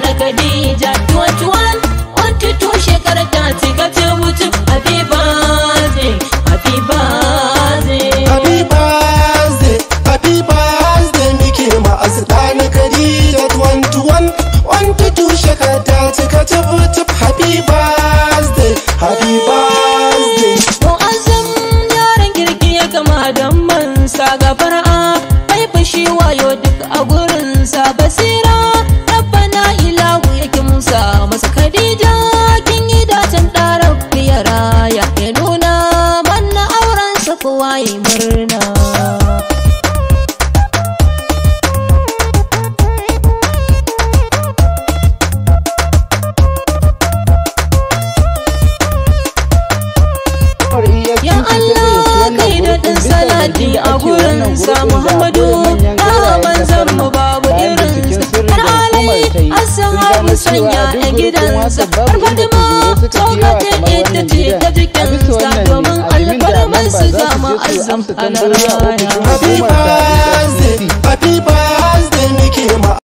na Khadija 21 wata to shekara ta ci ka mutum happy birthday happy birthday muke ma na Khadija wata to ta ka mutum happy birthday happy azam yaran ya kama dan mansa ga fara'a ai wayo duk a gurinsa sa basira maraya ya nuna manna auren su kowa yi murna Ya Allah asan sanya a gidansa har fadima tsokatar ita ce ta jikinsa domin alfarmar su zama azam a rana